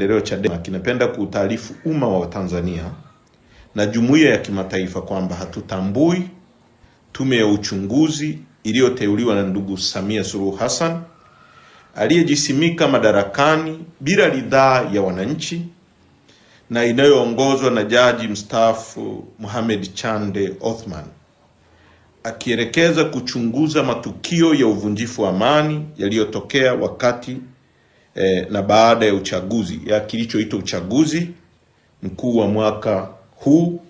maendeleo Chadema kinapenda kuutaarifu umma wa Tanzania na jumuiya ya kimataifa kwamba hatutambui tume ya uchunguzi iliyoteuliwa na ndugu Samia Suluhu Hassan aliyejisimika madarakani bila ridhaa ya wananchi na inayoongozwa na jaji mstaafu Mohamed Chande Othman akielekeza kuchunguza matukio ya uvunjifu wa amani yaliyotokea wakati eh, na baada ya uchaguzi ya kilichoitwa uchaguzi mkuu wa mwaka huu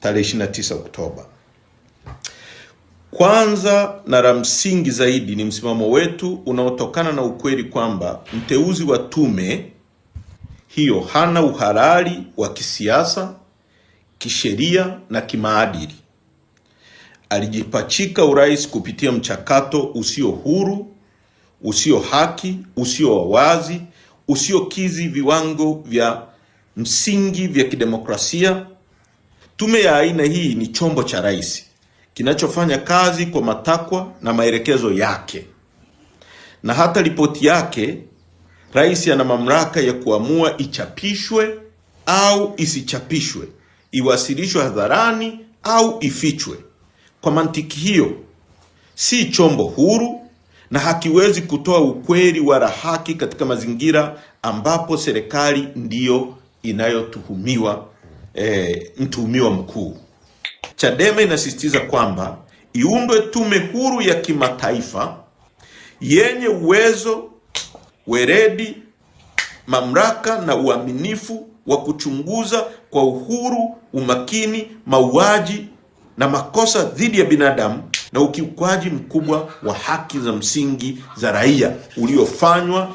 tarehe 29 Oktoba. Kwanza na la msingi zaidi ni msimamo wetu unaotokana na ukweli kwamba mteuzi wa tume hiyo hana uhalali wa kisiasa, kisheria na kimaadili. Alijipachika urais kupitia mchakato usio huru usio haki, usio wawazi usiokizi viwango vya msingi vya kidemokrasia. Tume ya aina hii ni chombo cha rais kinachofanya kazi kwa matakwa na maelekezo yake, na hata ripoti yake rais ana mamlaka ya kuamua ichapishwe au isichapishwe, iwasilishwe hadharani au ifichwe. Kwa mantiki hiyo, si chombo huru na hakiwezi kutoa ukweli wala haki katika mazingira ambapo serikali ndiyo inayotuhumiwa e, mtuhumiwa mkuu. Chadema inasisitiza kwamba iundwe tume huru ya kimataifa yenye uwezo, weredi, mamlaka na uaminifu wa kuchunguza kwa uhuru, umakini, mauaji na makosa dhidi ya binadamu na ukiukwaji mkubwa wa haki za msingi za raia uliofanywa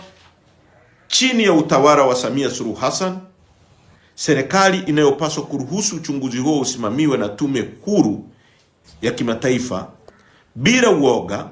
chini ya utawala wa Samia Suluhu Hassan, serikali inayopaswa kuruhusu uchunguzi huo usimamiwe na tume huru ya kimataifa bila uoga